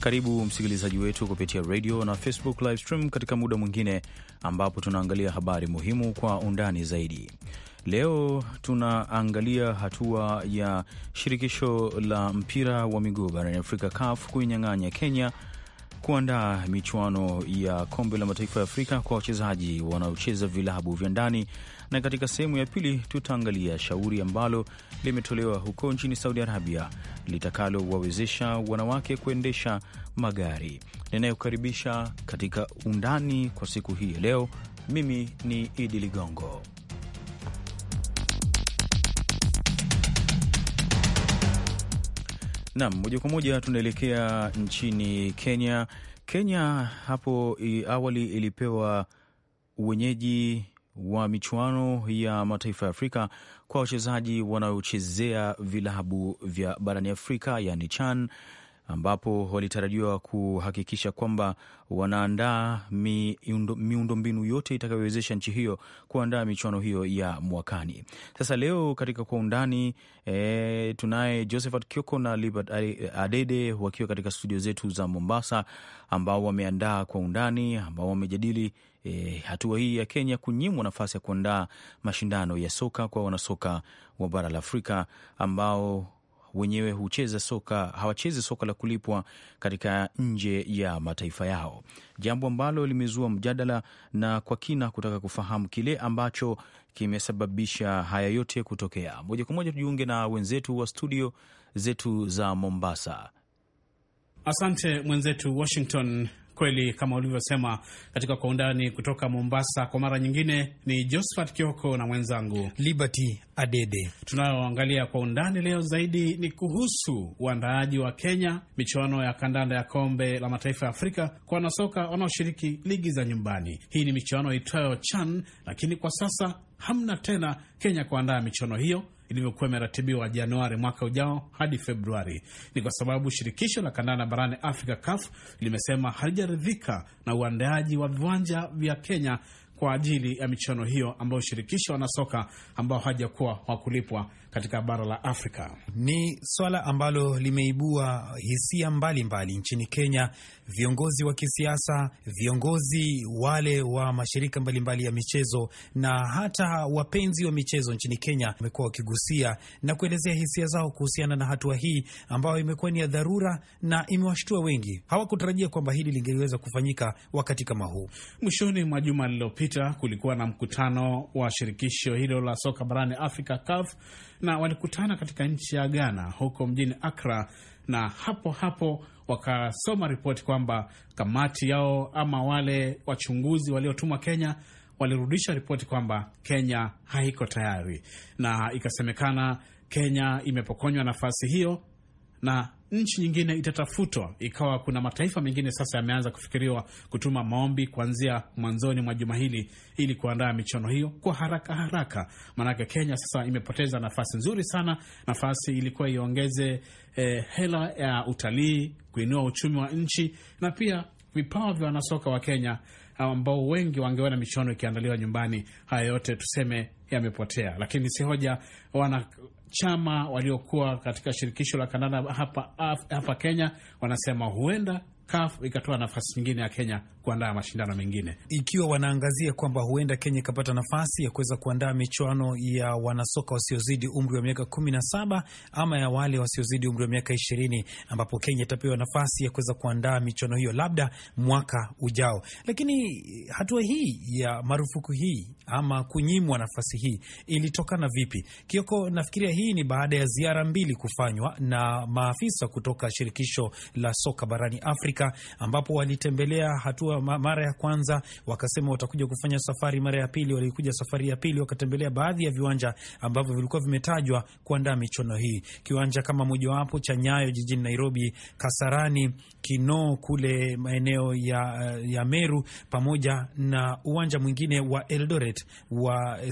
Karibu msikilizaji wetu kupitia radio na Facebook live stream katika muda mwingine ambapo tunaangalia habari muhimu kwa undani zaidi. Leo tunaangalia hatua ya shirikisho la mpira wa miguu barani Afrika, CAF, kuinyang'anya Kenya kuandaa michuano ya kombe la mataifa ya Afrika kwa wachezaji wanaocheza vilabu vya ndani na katika sehemu ya pili tutaangalia shauri ambalo limetolewa huko nchini Saudi Arabia litakalowawezesha wanawake kuendesha magari. Ninayokaribisha katika undani kwa siku hii ya leo, mimi ni Idi Ligongo. Nam, moja kwa moja tunaelekea nchini Kenya. Kenya hapo awali ilipewa uwenyeji wa michuano ya mataifa ya Afrika kwa wachezaji wanaochezea vilabu vya barani Afrika, yani CHAN ambapo walitarajiwa kuhakikisha kwamba wanaandaa miundombinu yote itakayowezesha nchi hiyo kuandaa michuano hiyo ya mwakani. Sasa leo katika kwa undani e, tunaye Josephat Kioko na Libert Adede wakiwa katika studio zetu za Mombasa, ambao wameandaa kwa undani, ambao wamejadili E, hatua hii ya Kenya kunyimwa nafasi ya kuandaa mashindano ya soka kwa wanasoka wa bara la Afrika ambao wenyewe hucheza soka, hawachezi soka la kulipwa katika nje ya mataifa yao, jambo ambalo limezua mjadala na kwa kina kutaka kufahamu kile ambacho kimesababisha haya yote kutokea. Moja kwa moja tujiunge na wenzetu wa studio zetu za Mombasa. Asante mwenzetu Washington kweli kama ulivyosema katika kwa undani kutoka Mombasa. Kwa mara nyingine ni Josephat Kioko na mwenzangu Liberty Adede. Tunayoangalia kwa undani leo zaidi ni kuhusu uandaaji wa Kenya michuano ya kandanda ya kombe la mataifa ya Afrika kwa wanasoka wanaoshiriki ligi za nyumbani. Hii ni michuano itwayo CHAN, lakini kwa sasa hamna tena Kenya kuandaa michuano hiyo ilivyokuwa imeratibiwa Januari mwaka ujao hadi Februari. Ni kwa sababu shirikisho la kandanda barani Afrika CAF limesema halijaridhika na uandaaji wa viwanja vya Kenya kwa ajili ya michuano hiyo ambayo shirikisho wanasoka ambao hawajakuwa wakulipwa katika bara la Afrika. Ni swala ambalo limeibua hisia mbalimbali mbali nchini Kenya. Viongozi wa kisiasa, viongozi wale wa mashirika mbalimbali mbali ya michezo na hata wapenzi wa michezo nchini Kenya wamekuwa wakigusia na kuelezea hisia zao kuhusiana na hatua hii ambayo imekuwa ni ya dharura na imewashtua wengi. Hawakutarajia kwamba hili lingeweza kufanyika wakati kama huu mwishoni mwa juma lililopita iliyopita kulikuwa na mkutano wa shirikisho hilo la soka barani Afrika, CAF, na walikutana katika nchi ya Ghana huko mjini Accra, na hapo hapo wakasoma ripoti kwamba kamati yao ama wale wachunguzi waliotumwa Kenya walirudisha ripoti kwamba Kenya haiko tayari, na ikasemekana Kenya imepokonywa nafasi hiyo na nchi nyingine itatafutwa, ikawa kuna mataifa mengine sasa yameanza kufikiriwa kutuma maombi kuanzia mwanzoni mwa juma hili ili kuandaa michuano hiyo kwa haraka haraka, maanake Kenya sasa imepoteza nafasi nzuri sana, nafasi ilikuwa iongeze eh, hela ya utalii kuinua uchumi wa nchi na pia vipawa vya wanasoka wa Kenya ambao wengi wangeona michuano ikiandaliwa nyumbani. Haya yote tuseme yamepotea, lakini si hoja wana chama waliokuwa katika shirikisho la kandanda hapa, hapa Kenya wanasema huenda CAF ikatoa nafasi nyingine ya Kenya kuandaa mashindano mengine, ikiwa wanaangazia kwamba huenda Kenya ikapata nafasi ya kuweza kuandaa michuano ya wanasoka wasiozidi umri wa miaka kumi na saba ama ya wale wasiozidi umri wa miaka ishirini ambapo Kenya itapewa nafasi ya kuweza kuandaa michuano hiyo labda mwaka ujao. Lakini hatua hii ya marufuku hii ama kunyimwa nafasi hii ilitokana vipi, Kioko? Nafikiria hii ni baada ya ziara mbili kufanywa na maafisa kutoka shirikisho la soka barani Afrika, ambapo walitembelea hatua mara ya kwanza, wakasema watakuja kufanya safari mara ya pili. Walikuja safari ya pili, wakatembelea baadhi ya viwanja ambavyo vilikuwa vimetajwa kuandaa michuano hii, kiwanja kama mojawapo cha Nyayo jijini Nairobi, Kasarani, Kinoo kule maeneo ya, eh, ya Meru, pamoja na uwanja mwingine wa Eldoret wa 64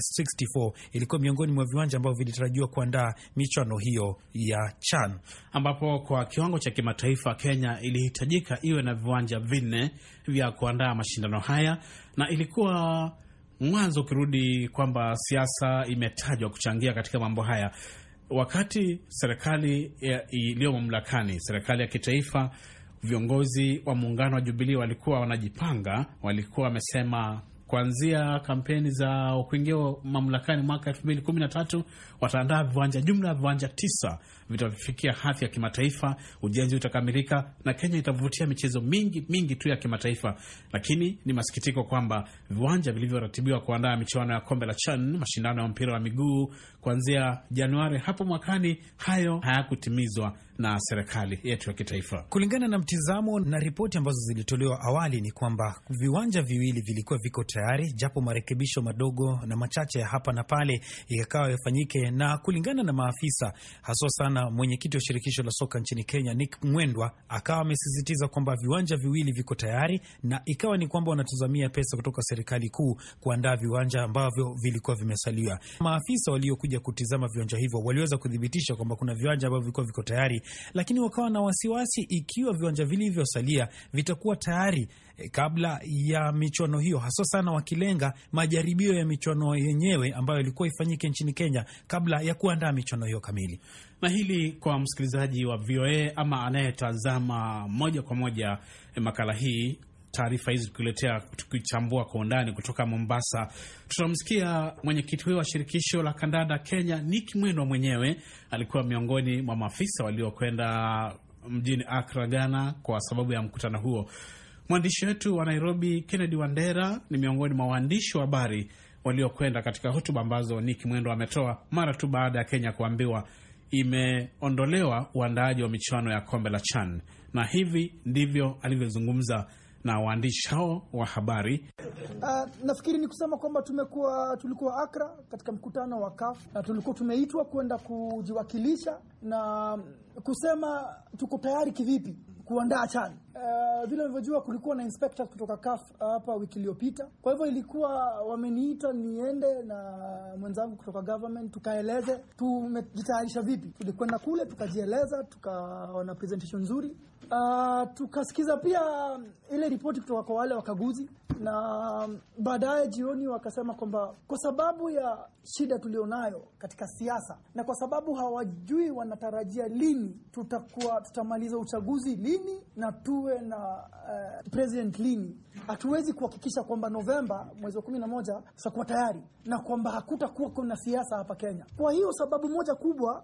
eh, ilikuwa miongoni mwa viwanja ambavyo vilitarajiwa kuandaa kushinda michuano hiyo ya CHAN, ambapo kwa kiwango cha kimataifa Kenya ilihitajika iwe na viwanja vinne vya kuandaa mashindano haya, na ilikuwa mwanzo ukirudi kwamba siasa imetajwa kuchangia katika mambo haya wakati serikali eh, iliyo mamlakani, serikali ya kitaifa, viongozi wa muungano wa Jubilii walikuwa wanajipanga, walikuwa wamesema kuanzia kampeni za kuingia mamlakani mwaka tatu wataandaa viwanja, jumla ya viwanja tisa vitafikia hadhi ya kimataifa. Ujenzi utakamilika na Kenya itavutia michezo mingi mingi tu ya kimataifa, lakini ni masikitiko kwamba viwanja vilivyoratibiwa kuandaa michuano ya kombe la CHAN, mashindano ya mpira wa miguu kuanzia Januari hapo mwakani, hayo hayakutimizwa na serikali yetu ya kitaifa. Kulingana na mtizamo na ripoti ambazo zilitolewa awali, ni kwamba viwanja viwili vilikuwa viko tayari, japo marekebisho madogo na machache ya hapa na pale yakawa yafanyike. Na kulingana na maafisa, haswa sana mwenyekiti wa shirikisho la soka nchini Kenya Nick Mwendwa, akawa amesisitiza kwamba viwanja viwili viko tayari, na ikawa ni kwamba wanatazamia pesa kutoka serikali kuu kuandaa viwanja ambavyo vilikuwa vimesalia. Maafisa waliokuja kutizama viwanja hivyo waliweza kuthibitisha kwamba kuna viwanja ambavyo vilikuwa viko tayari lakini wakawa na wasiwasi ikiwa viwanja vilivyosalia vitakuwa tayari eh, kabla ya michuano hiyo, haswa sana wakilenga majaribio ya michuano yenyewe ambayo ilikuwa ifanyike nchini Kenya kabla ya kuandaa michuano hiyo kamili. Na hili kwa msikilizaji wa VOA ama anayetazama moja kwa moja eh, makala hii taarifa hizi tukiletea, tukichambua kwa undani. Kutoka Mombasa tunamsikia mwenyekiti huyo wa shirikisho la kandanda Kenya, Nick Mwendwa mwenyewe alikuwa miongoni mwa maafisa waliokwenda mjini Akra, Ghana kwa sababu ya mkutano huo. Mwandishi wetu wa Nairobi Kennedy Wandera ni miongoni mwa waandishi wa habari waliokwenda katika hotuba ambazo Nick Mwendwa ametoa mara tu baada ya Kenya kuambiwa imeondolewa uandaaji wa michuano ya kombe la CHAN, na hivi ndivyo alivyozungumza na waandishi hao wa habari. Uh, nafikiri ni kusema kwamba tumekuwa tulikuwa Akra katika mkutano wa kafu na tulikuwa tumeitwa kwenda kujiwakilisha na kusema tuko tayari kivipi kuandaa CHAN. Uh, eh, vile ulivyojua kulikuwa na inspectors kutoka kaf hapa wiki iliyopita, kwa hivyo ilikuwa wameniita niende na mwenzangu kutoka government tukaeleze tumejitayarisha vipi. Tulikwenda kule tukajieleza, tukaona presentation nzuri. Uh, tukasikiza pia um, ile ripoti kutoka kwa wale wakaguzi na um, baadaye jioni wakasema kwamba kwa sababu ya shida tulionayo katika siasa na kwa sababu hawajui wanatarajia lini tutakuwa tutamaliza uchaguzi lini na tuwe na uh, president lini, hatuwezi kuhakikisha kwamba Novemba mwezi wa kumi na moja tutakuwa tayari na kwamba hakutakuwa kuna siasa hapa Kenya. Kwa hiyo sababu moja kubwa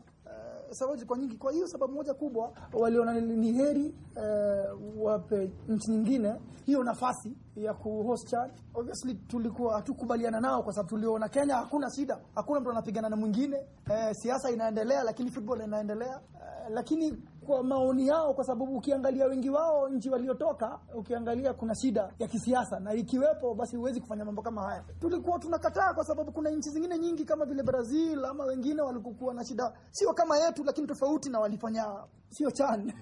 sababu kwa nyingi. Kwa hiyo sababu moja kubwa waliona ni heri uh, wape nchi nyingine hiyo nafasi ya kuhost CHAN. Obviously tulikuwa hatukubaliana nao kwa sababu tuliona Kenya hakuna shida, hakuna mtu anapigana na mwingine. Uh, siasa inaendelea, lakini football inaendelea uh, lakini kwa maoni yao, kwa sababu ukiangalia wengi wao nchi waliotoka, ukiangalia kuna shida ya kisiasa, na ikiwepo basi huwezi kufanya mambo kama haya. Tulikuwa tunakataa kwa sababu kuna nchi zingine nyingi kama vile Brazil ama wengine walikokuwa na shida sio kama yetu, lakini tofauti, na walifanya sio CHAN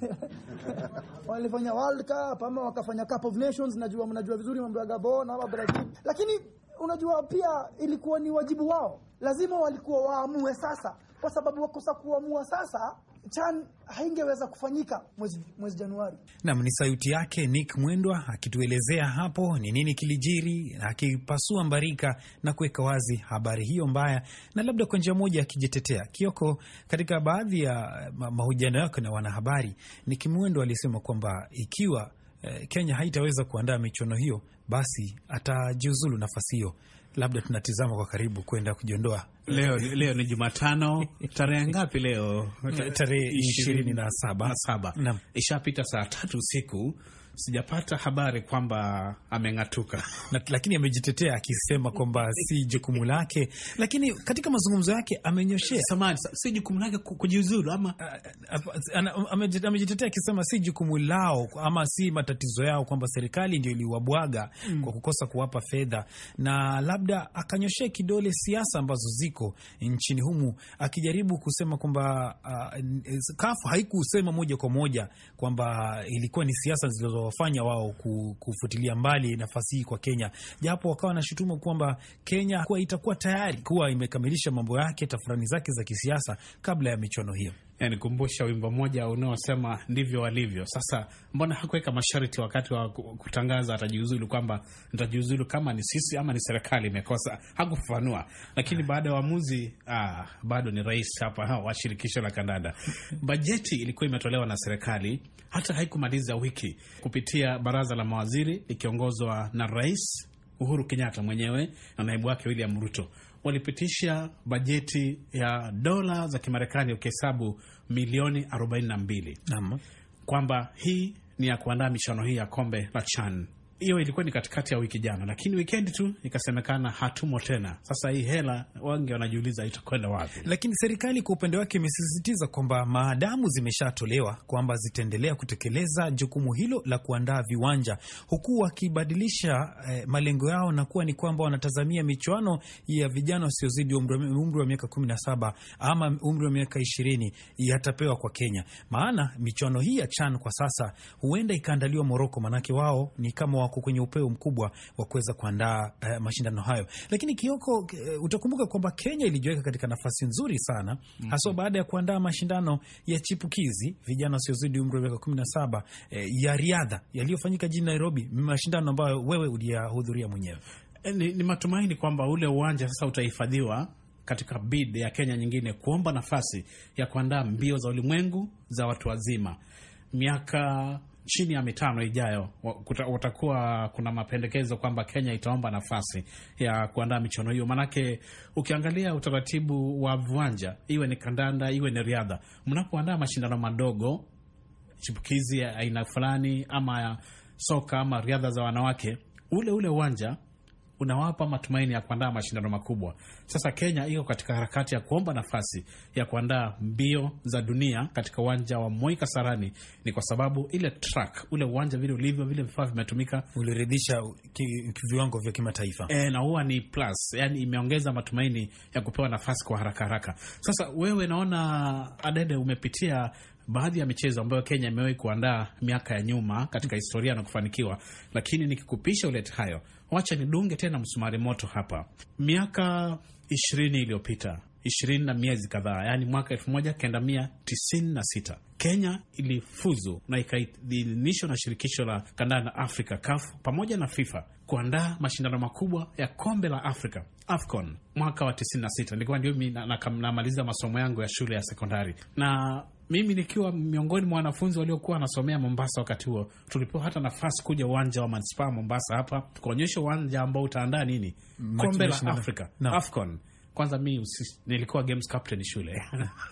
walifanya World Cup ama wakafanya Cup of Nations. Najua mnajua vizuri mambo ya Gabon ama Brazil, lakini unajua pia ilikuwa ni wajibu wao, lazima walikuwa waamue sasa, kwa sababu wakosa kuamua sasa CHAN haingeweza kufanyika mwezi, mwezi Januari. Nam ni sauti yake Nick Mwendwa akituelezea hapo ni nini kilijiri, akipasua mbarika na kuweka wazi habari hiyo mbaya, na labda kwa njia moja akijitetea. Kioko, katika baadhi ya mahojiano yake na wanahabari, Nick Mwendwa alisema kwamba ikiwa eh, Kenya haitaweza kuandaa michuano hiyo, basi atajiuzulu nafasi hiyo labda tunatizama kwa karibu kwenda kujiondoa. Leo, leo ni Jumatano tarehe ngapi leo? Tarehe ishirini na saba, Ishapita saa tatu usiku sijapata habari kwamba ameng'atuka lakini amejitetea akisema kwamba si jukumu lake, lakini katika mazungumzo yake amenyoshea samani, si jukumu lake kujiuzulu, ama amejitetea akisema si jukumu lao ama si matatizo yao, kwamba serikali ndio iliwabwaga mm, kwa kukosa kuwapa fedha, na labda akanyoshea kidole siasa ambazo ziko nchini humu, akijaribu kusema kwamba uh, kafu haikusema moja kwa moja kwamba ilikuwa ni siasa zilizo litawafanya wao kufutilia mbali nafasi hii kwa Kenya, japo wakawa wanashutumu kwamba Kenya kuwa itakuwa tayari kuwa imekamilisha mambo yake, tafurani zake za kisiasa kabla ya michuano hiyo yanikumbusha eh, wimbo mmoja unaosema ndivyo walivyo. Sasa mbona hakuweka masharti wakati wa kutangaza atajiuzulu, kwamba nitajiuzulu kama ni sisi ama ni serikali imekosa? Hakufafanua, lakini ah. baada ya uamuzi, ah, bado ni rais hapa ha, wa shirikisho la kandanda. Bajeti ilikuwa imetolewa na serikali, hata haikumaliza wiki kupitia baraza la mawaziri likiongozwa na Rais Uhuru Kenyatta mwenyewe na naibu wake William Ruto walipitisha bajeti ya dola za Kimarekani ukihesabu milioni 42 kwamba hii ni ya kuandaa michuano hii ya kombe la CHAN hiyo ilikuwa ni katikati ya wiki jana, lakini wikendi tu ikasemekana hatumo tena. Sasa hii hela wange wanajiuliza itakwenda wapi? Lakini serikali kwa upande wake imesisitiza kwamba maadamu zimeshatolewa kwamba zitaendelea kutekeleza jukumu hilo la kuandaa viwanja, huku wakibadilisha eh, malengo yao na kuwa ni kwamba wanatazamia michuano ya vijana wasiozidi umri wa miaka kumi na saba ama umri wa miaka ishirini yatapewa kwa Kenya, maana michuano hii ya CHAN kwa sasa huenda ikaandaliwa Moroko, manake wao ni kama wako kwenye upeo mkubwa wa kuweza kuandaa uh, mashindano hayo. Lakini Kioko, uh, utakumbuka kwamba Kenya ilijiweka katika nafasi nzuri sana mm -hmm. haswa baada ya kuandaa mashindano ya chipukizi vijana wasiozidi umri wa miaka kumi na saba eh, ya riadha yaliyofanyika jijini Nairobi, mashindano ambayo wewe uliyahudhuria mwenyewe. Eh, ni, ni matumaini kwamba ule uwanja sasa utahifadhiwa katika bid ya Kenya nyingine kuomba nafasi ya kuandaa mbio za ulimwengu za watu wazima miaka chini ya mitano ijayo watakuwa kuna mapendekezo kwamba Kenya itaomba nafasi ya kuandaa michuano hiyo. Maanake ukiangalia utaratibu wa viwanja, iwe ni kandanda, iwe ni riadha, mnapoandaa mashindano madogo chipukizi ya aina fulani, ama soka ama riadha za wanawake, ule ule uwanja unawapa matumaini ya kuandaa mashindano makubwa. Sasa Kenya iko katika harakati ya kuomba nafasi ya kuandaa mbio za dunia katika uwanja wa Moi Kasarani. Ni kwa sababu ile track, ule uwanja vile ulivyo, vile vifaa vimetumika, uliridhisha viwango vya kimataifa e, na huwa ni plus, yani imeongeza matumaini ya kupewa nafasi kwa haraka haraka. Sasa wewe, naona Adede, umepitia baadhi ya michezo ambayo Kenya imewahi kuandaa miaka ya nyuma katika historia na kufanikiwa, lakini nikikupisha ulete hayo wacha nidunge tena msumari moto hapa. Miaka ishirini iliyopita ishirini na miezi kadhaa, yaani mwaka elfu moja kenda mia tisini na sita Kenya ilifuzu na ikaidhinishwa na shirikisho la kandanda Afrika, CAF, pamoja na FIFA kuandaa mashindano makubwa ya kombe la Afrika AFCON mwaka wa 96. Nilikuwa ndio mi namaliza na, na masomo yangu ya shule ya sekondari, na mimi nikiwa miongoni mwa wanafunzi waliokuwa wanasomea Mombasa wakati huo. Tulipewa hata nafasi kuja uwanja wa manispaa Mombasa hapa tukaonyesha uwanja ambao utaandaa nini kombe la Afrika no. AFCON kwanza mi nilikuwa games captain shule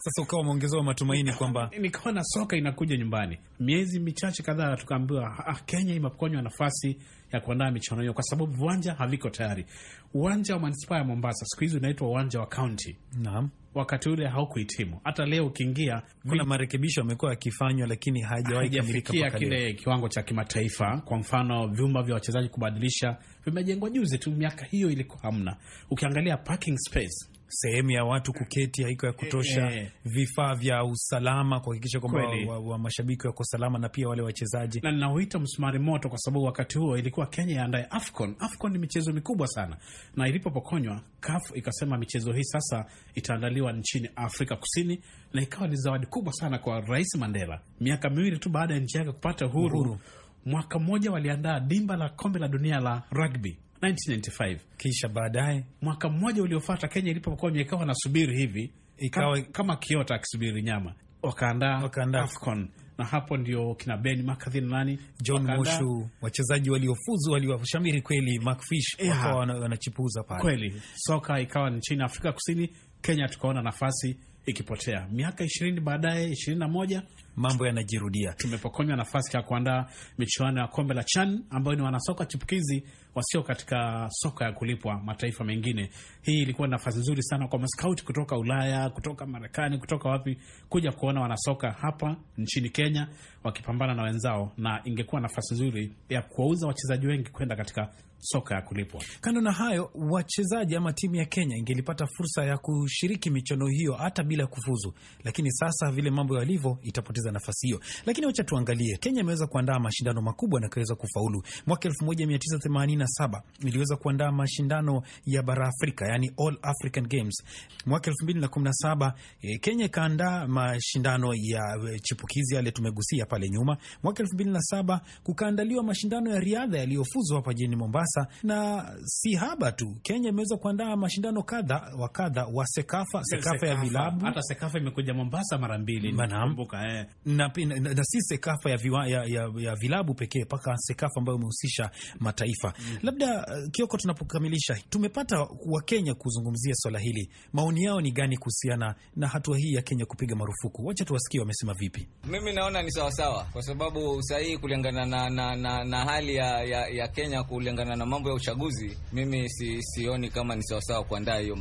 sasa ukawa mwongezo wa matumaini kwamba nikaona soka inakuja nyumbani. Miezi michache kadhaa tukaambiwa, ah, ah Kenya imekonywa nafasi ya kuandaa michuano hiyo, kwa sababu viwanja haviko tayari. Uwanja wa manispaa ya Mombasa siku hizi unaitwa uwanja wa kaunti. Naam, wakati ule haukuhitimu. Hata leo ukiingia, kuna marekebisho yamekuwa yakifanywa, lakini hajawahi kufikia kile kiwango cha kimataifa. Kwa mfano, vyumba vya wachezaji kubadilisha vimejengwa juzi tu, miaka hiyo ilikuwa hamna. Ukiangalia parking space sehemu ya watu kuketi haiko ya kutosha, eh, eh. vifaa vya usalama kuhakikisha kwamba wa, wa mashabiki wako salama na pia wale wachezaji, na ninauita msumari moto, kwa sababu wakati huo ilikuwa Kenya yaandaye Afcon. Afcon ni michezo mikubwa sana, na ilipopokonywa CAF ikasema michezo hii sasa itaandaliwa nchini Afrika Kusini, na ikawa ni zawadi kubwa sana kwa Rais Mandela, miaka miwili tu baada ya nchi yake kupata uhuru. Mwaka mmoja waliandaa dimba la kombe la dunia la rugby 1995. Kisha baadaye mwaka mmoja uliofata Kenya ilipokuwa imekawa nasubiri hivi ikawa kama kiota akisubiri nyama, wakaandaa AFCON na hapo ndio kina Ben McCarthy nani John Moshu, wachezaji waliofuzu waliwashamiri kweli, Macfish wakawa wanachipuza pale kweli, soka ikawa nchini Afrika Kusini. Kenya tukaona nafasi ikipotea. Miaka ishirini baadaye, ishirini na moja, mambo yanajirudia, tumepokonywa nafasi ya kuandaa michuano ya kombe la CHAN ambayo ni wanasoka chipukizi wasio katika soka ya kulipwa mataifa mengine. Hii ilikuwa nafasi nzuri sana kwa maskauti kutoka Ulaya, kutoka Marekani, kutoka wapi kuja kuona wanasoka hapa nchini Kenya wakipambana na wenzao, na ingekuwa nafasi nzuri ya kuwauza wachezaji wengi kwenda katika soka ya kulipwa. Kando na hayo, wachezaji ama timu ya Kenya ingelipata fursa ya kushiriki michuano hiyo hata bila kufuzu, lakini sasa vile mambo yalivyo itapoteza nafasi hiyo. Lakini wacha tuangalie, Kenya imeweza kuandaa mashindano makubwa na kaweza kufaulu. Mwaka 1987 iliweza kuandaa mashindano ya bara Afrika, yani All African Games. Mwaka 2017 eh, Kenya ikaandaa mashindano ya eh, chipukizi yale tumegusia pale nyuma. Mwaka 2007 kukaandaliwa mashindano ya riadha yaliyofuzwa hapa jijini Mombasa Mombasa. Na si haba tu, Kenya imeweza kuandaa mashindano kadha wa kadha wa Sekafa, Sekafa ya vilabu. Hata Sekafa imekuja Mombasa mara mbili mm. nakumbuka eh. Na, na, na, na si Sekafa ya, viwa, ya, ya, ya vilabu pekee, mpaka Sekafa ambayo imehusisha mataifa mm. Labda eh, Kioko, tunapokamilisha tumepata Wakenya kuzungumzia swala hili, maoni yao ni gani kuhusiana na hatua hii ya Kenya kupiga marufuku? Wacha tuwasikie wamesema vipi. Mimi naona ni sawasawa, kwa sababu usahihi kulingana na, na, na, na hali ya, ya, ya Kenya kulingana na mambo ya uchaguzi, mimi si, sioni kama ni sawasawa kuandaa hiyo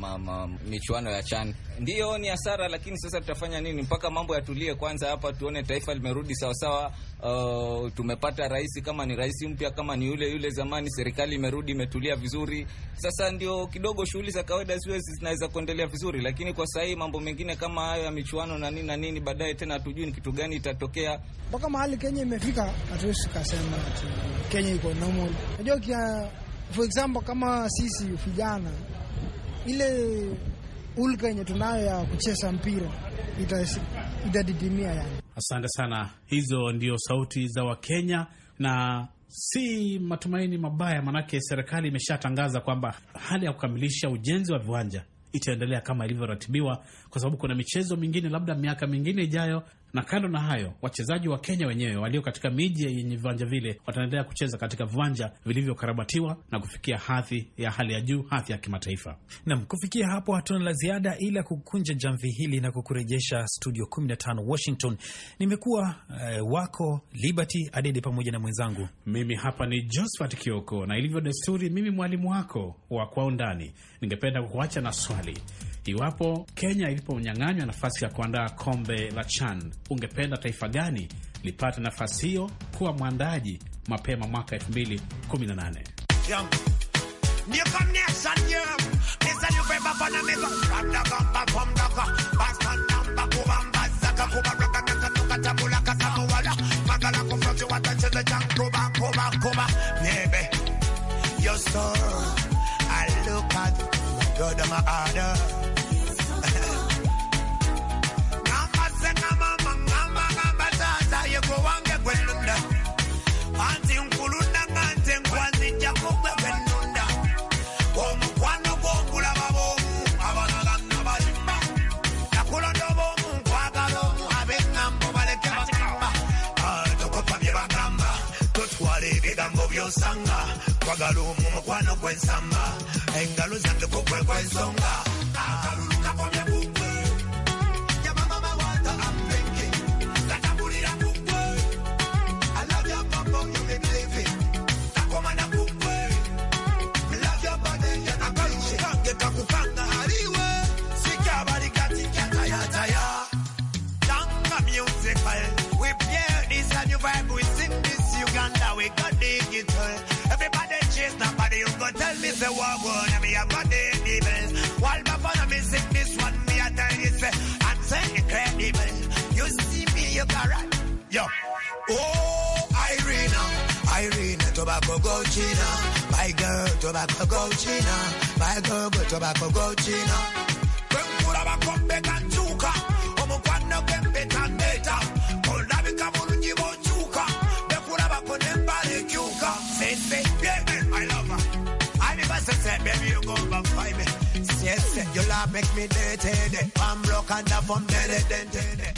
michuano ya CHAN. Ndiyo ni hasara, lakini sasa tutafanya nini mpaka mambo yatulie kwanza hapa, tuone taifa limerudi sawasawa. Uh, tumepata rais, kama ni rais mpya, kama ni yule yule zamani, serikali imerudi imetulia vizuri. Sasa ndio kidogo shughuli za kawaida ziwe zinaweza kuendelea vizuri, lakini kwa sahii mambo mengine kama hayo ya michuano na nini na nini, baadaye tena hatujui ni kitu gani itatokea. Mpaka mahali Kenya imefika, hatuwezi kasema Kenya iko normal. Unajua For example kama sisi vijana, ile ulga yenye tunayo ya kucheza mpira itadidimia yani. Asante sana. Hizo ndio sauti za Wakenya na si matumaini mabaya, manake serikali imeshatangaza kwamba hali ya kukamilisha ujenzi wa viwanja itaendelea kama ilivyoratibiwa, kwa sababu kuna michezo mingine labda miaka mingine ijayo na kando na hayo, wachezaji wa Kenya wenyewe walio katika miji yenye viwanja vile wataendelea kucheza katika viwanja vilivyokarabatiwa na kufikia hadhi ya hali ya juu, hadhi ya kimataifa. Nam, kufikia hapo hatuna la ziada ila kukunja jamvi hili na kukurejesha studio 15 Washington. Nimekuwa uh, wako Liberty Adede pamoja na mwenzangu mimi hapa ni Josephat Kioko, na ilivyo desturi, mimi mwalimu wako wa Kwa Undani ningependa kukuacha na swali. Iwapo Kenya iliponyang'anywa nafasi ya kuandaa kombe la CHAN ungependa taifa gani lipate nafasi hiyo kuwa mwandaji mapema mwaka 2018. kwagala omukwano gwensamba engalo zange kukwe kwensonga akalulu kakomye go China. My girl, tobacco go China. My girl, go tobacco go China. Kwenkura bakombe kanchuka. Omukwana kembe tandeta. Koldabi kamulunji mochuka. Bekura bakonemba lechuka. Sese, baby, I love her. I never said, baby, you go back five. Yes, you love make me dated. I'm broken up from dead, dead, dead.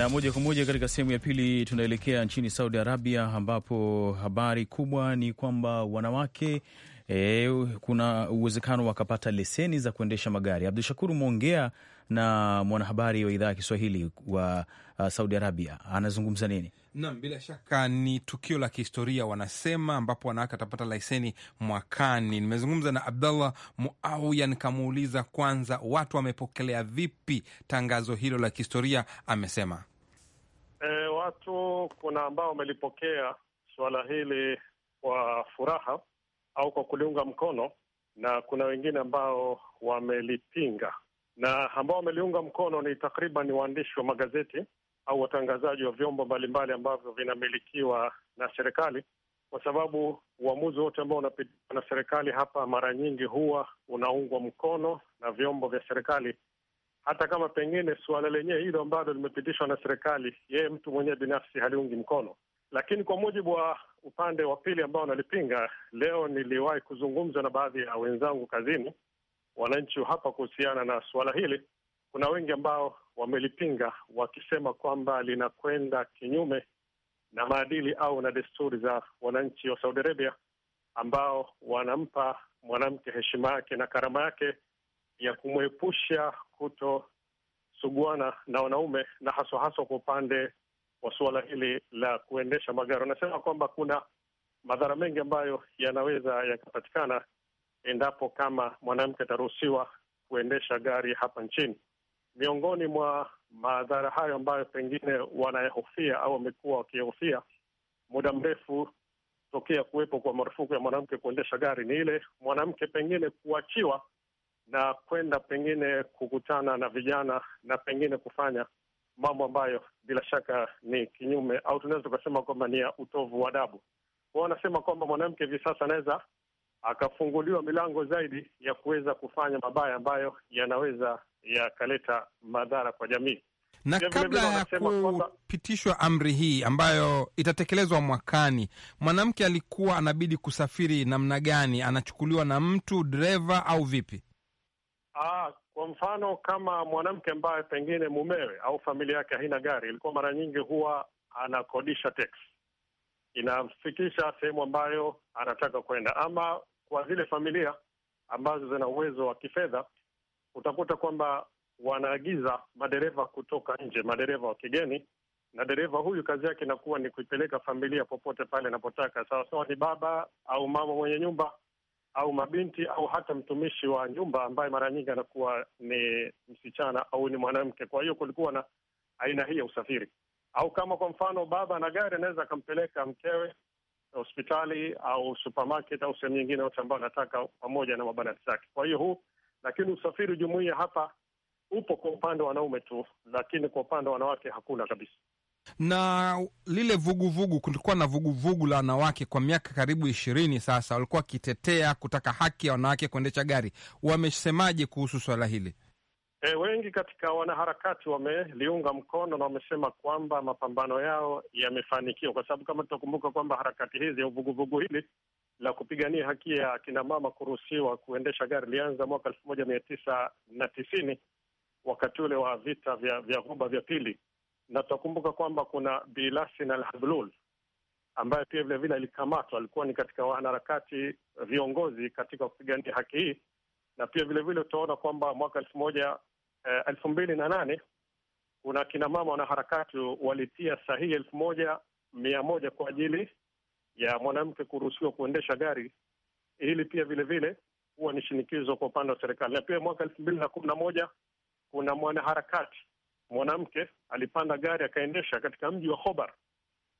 Na moja kwa moja katika sehemu ya pili tunaelekea nchini Saudi Arabia, ambapo habari kubwa ni kwamba wanawake e, kuna uwezekano wakapata leseni za kuendesha magari. Abdu Shakur umeongea na mwanahabari wa idhaa ya Kiswahili wa uh, Saudi Arabia, anazungumza nini? Nam, bila shaka ni tukio la kihistoria wanasema, ambapo wanawake watapata leseni mwakani. Nimezungumza na Abdallah Muawiya nikamuuliza kwanza watu wamepokelea vipi tangazo hilo la kihistoria. Amesema E, watu kuna ambao wamelipokea suala hili kwa furaha au kwa kuliunga mkono, na kuna wengine ambao wamelipinga, na ambao wameliunga mkono ni takriban waandishi wa magazeti au watangazaji wa vyombo mbalimbali ambavyo vinamilikiwa na serikali, kwa sababu uamuzi wote ambao unapitiwa na serikali hapa mara nyingi huwa unaungwa mkono na vyombo vya serikali hata kama pengine suala lenyewe hilo ambalo limepitishwa na serikali, yeye mtu mwenyewe binafsi haliungi mkono. Lakini kwa mujibu wa upande wa pili ambao wanalipinga, leo niliwahi kuzungumza na baadhi ya wenzangu kazini, wananchi hapa, kuhusiana na suala hili. Kuna wengi ambao wamelipinga wakisema kwamba linakwenda kinyume na maadili au na desturi za wananchi wa Saudi Arabia ambao wanampa mwanamke heshima yake na karama yake ya kumwepusha kutosuguana na wanaume na haswa haswa kwa upande wa suala hili la kuendesha magari. Wanasema kwamba kuna madhara mengi ambayo yanaweza yakapatikana endapo kama mwanamke ataruhusiwa kuendesha gari hapa nchini. Miongoni mwa madhara hayo ambayo pengine wanayahofia au wamekuwa wakihofia muda mrefu tokea kuwepo kwa marufuku ya mwanamke kuendesha gari ni ile mwanamke pengine kuachiwa na kwenda pengine kukutana na vijana na pengine kufanya mambo ambayo bila shaka ni kinyume au tunaweza tukasema kwamba ni ya utovu wa adabu. Kwao wanasema kwamba mwanamke hivi sasa anaweza akafunguliwa milango zaidi ya kuweza kufanya mabaya ambayo yanaweza yakaleta madhara kwa jamii. Na ya kabla ya kupitishwa kwamba... amri hii ambayo itatekelezwa mwakani, mwanamke alikuwa anabidi kusafiri namna gani? Anachukuliwa na mtu dereva au vipi? Aa, ah, kwa mfano kama mwanamke ambaye pengine mumewe au familia yake haina gari, ilikuwa mara nyingi huwa anakodisha teksi, inamfikisha sehemu ambayo anataka kwenda. Ama kwa zile familia ambazo zina uwezo wa kifedha, utakuta kwamba wanaagiza madereva kutoka nje, madereva wa kigeni, na dereva huyu kazi yake inakuwa ni kuipeleka familia popote pale anapotaka, sawasawa ni baba au mama mwenye nyumba au mabinti au hata mtumishi wa nyumba ambaye mara nyingi anakuwa ni msichana au ni mwanamke. Kwa hiyo kulikuwa na aina hii ya usafiri, au kama kwa mfano baba na gari anaweza akampeleka mkewe hospitali au supermarket au sehemu nyingine yote ambayo anataka pamoja na mabanati zake. Kwa hiyo huu, lakini usafiri jumuia hapa upo kwa upande wa wanaume tu, lakini kwa upande wa wanawake hakuna kabisa na lile vuguvugu vugu, kulikuwa na vuguvugu vugu la wanawake kwa miaka karibu ishirini sasa, walikuwa wakitetea kutaka haki ya wanawake kuendesha gari. Wamesemaje kuhusu swala hili? E, wengi katika wanaharakati wameliunga mkono na wamesema kwamba mapambano yao yamefanikiwa, kwa sababu kama tutakumbuka kwamba harakati hizi au vuguvugu hili la kupigania haki ya akinamama kuruhusiwa kuendesha gari lianza mwaka elfu moja mia tisa na tisini wakati ule wa vita vya vya Ghuba vya pili na tutakumbuka kwamba kuna Bilasin al Hablul ambaye pia vilevile alikamatwa, alikuwa ni katika wanaharakati viongozi katika kupigania haki hii, na pia vilevile utaona kwamba mwaka elfu moja eh, elfu mbili na nane kuna akinamama wanaharakati walitia sahihi elfu moja mia moja kwa ajili ya mwanamke kuruhusiwa kuendesha gari. Hili pia vilevile huwa ni shinikizo kwa upande wa serikali. Na pia mwaka elfu mbili na kumi na moja kuna mwanaharakati mwanamke alipanda gari akaendesha katika mji wa hobar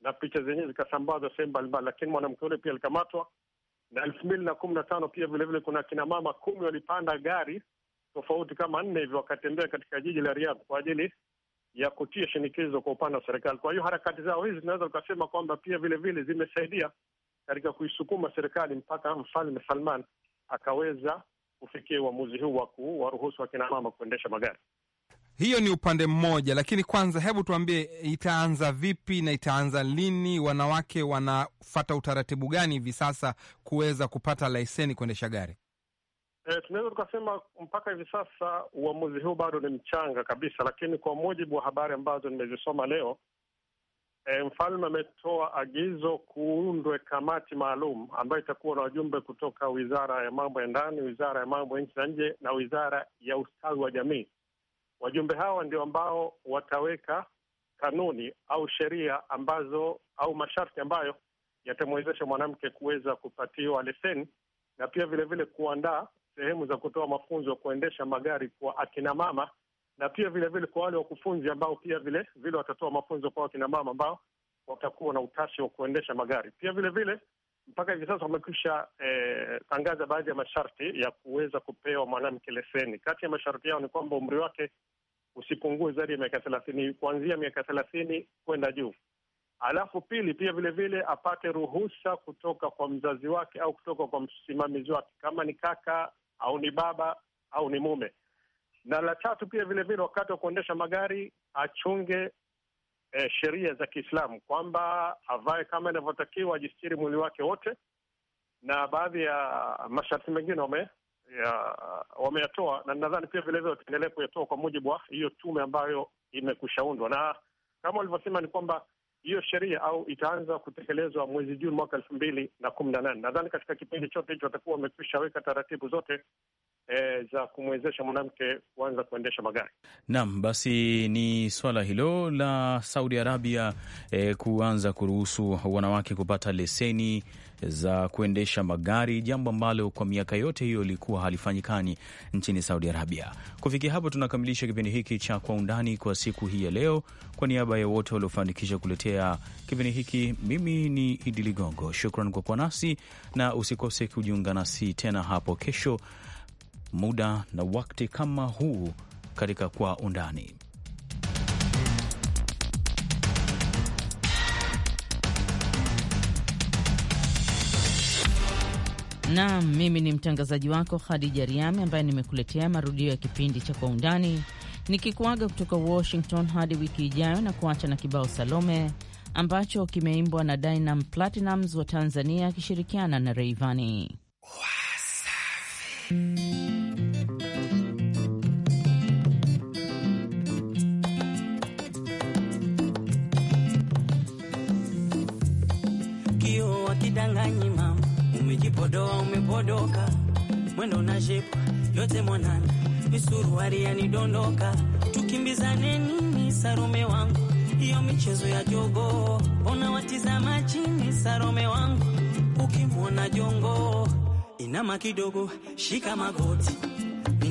na picha zenyewe zikasambazwa sehemu mbalimbali, lakini mwanamke yule pia alikamatwa. Na elfu mbili na kumi na tano pia vilevile kuna akina mama kumi walipanda gari tofauti kama nne hivyo wakatembea katika jiji la Riyadh kwa ajili ya kutia shinikizo kwa upande wa serikali. Kwa hiyo harakati zao hizi zinaweza tukasema kwamba pia vilevile zimesaidia katika kuisukuma serikali mpaka Mfalme Salman akaweza kufikia uamuzi huu wa kuwaruhusu akina kuendesha magari. Hiyo ni upande mmoja, lakini kwanza, hebu tuambie itaanza vipi na itaanza lini? Wanawake wanafata utaratibu gani hivi sasa kuweza kupata leseni kuendesha gari? E, eh, tunaweza tukasema mpaka hivi sasa uamuzi huu bado ni mchanga kabisa, lakini kwa mujibu wa habari ambazo nimezisoma leo e, mfalme ametoa agizo kuundwe kamati maalum ambayo itakuwa na wajumbe kutoka wizara ya mambo ya ndani, wizara ya mambo ya nchi za nje na wizara ya ustawi wa jamii Wajumbe hawa ndio ambao wataweka kanuni au sheria ambazo au masharti ambayo yatamwezesha mwanamke kuweza kupatiwa leseni na pia vilevile kuandaa sehemu za kutoa mafunzo ya kuendesha magari kwa akina mama na pia vilevile kwa wale wakufunzi ambao pia vile vile watatoa mafunzo kwa akina mama ambao watakuwa na utashi wa kuendesha magari. Pia vilevile mpaka hivi sasa wamekwisha eh, tangaza baadhi ya masharti ya kuweza kupewa mwanamke leseni. Kati ya masharti yao ni kwamba umri wake usipungue zaidi ya miaka thelathini kuanzia miaka thelathini kwenda juu. Alafu pili, pia vilevile apate ruhusa kutoka kwa mzazi wake au kutoka kwa msimamizi wake, kama ni kaka au ni baba au ni mume. Na la tatu pia vilevile, wakati wa kuendesha magari achunge eh, sheria za Kiislamu kwamba avae kama inavyotakiwa, ajistiri mwili wake wote, na baadhi ya masharti mengine wame Uh, wameyatoa, na nadhani pia vilevile wataendelea kuyatoa kwa mujibu wa hiyo tume ambayo imekushaundwa, na kama walivyosema ni kwamba hiyo sheria au itaanza kutekelezwa mwezi Juni mwaka elfu mbili na kumi na nane. Nadhani katika kipindi chote hicho watakuwa wamekwisha weka taratibu zote E, za kumwezesha mwanamke kuanza kuendesha magari. Naam, basi ni swala hilo la Saudi Arabia e, kuanza kuruhusu wanawake kupata leseni za kuendesha magari, jambo ambalo kwa miaka yote hiyo ilikuwa halifanyikani nchini Saudi Arabia. Kufikia hapo, tunakamilisha kipindi hiki cha Kwa Undani kwa siku hii ya leo. Kwa niaba ya wote waliofanikisha kuletea kipindi hiki, mimi ni Idi Ligongo. Shukran kwa kuwa nasi na usikose kujiunga nasi tena hapo kesho muda na wakati kama huu katika Kwa Undani. Naam, mimi ni mtangazaji wako Khadija Riami ambaye nimekuletea marudio ya kipindi cha Kwa Undani, nikikuaga kutoka Washington hadi wiki ijayo, na kuacha na kibao Salome ambacho kimeimbwa na dinam platinams wa Tanzania akishirikiana na Reivani. Wasafi. Ulipodoa umepodoka, mwendo na shepu yote monana, misuruari yanidondoka, tukimbizane nini sarume wangu, hiyo michezo ya jogo ona watizama chini sarume wangu, ukimwona jongo inama kidogo, shika magoti,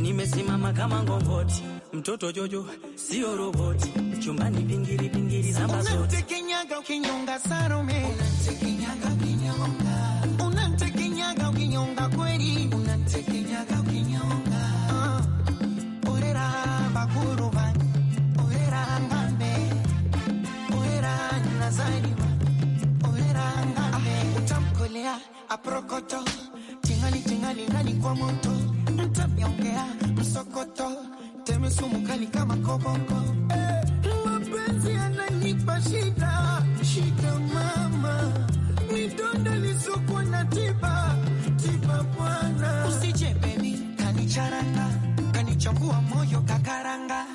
nimesimama kama ngongoti, mtoto jojo sio roboti, chumbani vingiri vingiri, zamba zote aprokoto tingali tingali nani kwa moto mtamiongea msokoto teme sumu kali kama koboko eh, mapenzi yananipa shida shida mama midonda lisoko na tiba tiba bwana usije bebi kanicharanga kanichambua moyo kakaranga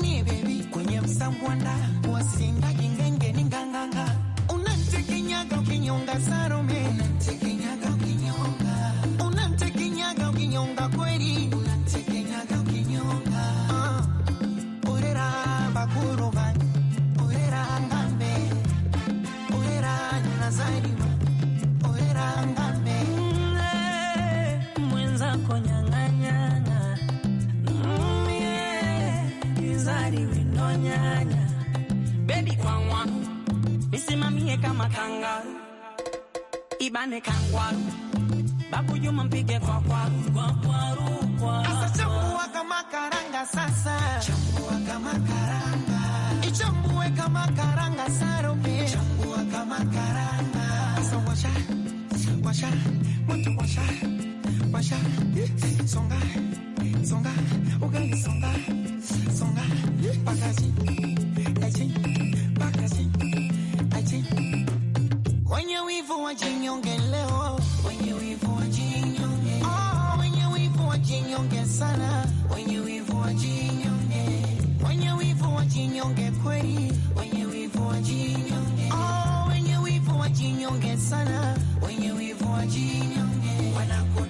ni bebi kwenye msambwanda wasinga wasingagingenge ninganganga unatekenyaga ukinyonga sarome Mane kangwaru babu Juma mpige kwa kwaru. Sasa chambua kama karanga, sasa chambua kama karanga, ichambue kama karanga, sarupi chambua kama karanga. Sasa washa washa moto washa washa, songa songa ugali songa wivu wajinyonge leo, wenye wivu wajinyonge, oh, ah, wenye wivu wajinyonge sana, wenye wivu wajinyonge, wenye wivu wajinyonge kweli, wenye wivu wajinyonge, oh, ah, wenye wivu wajinyonge sana, wenye wivu wajinyonge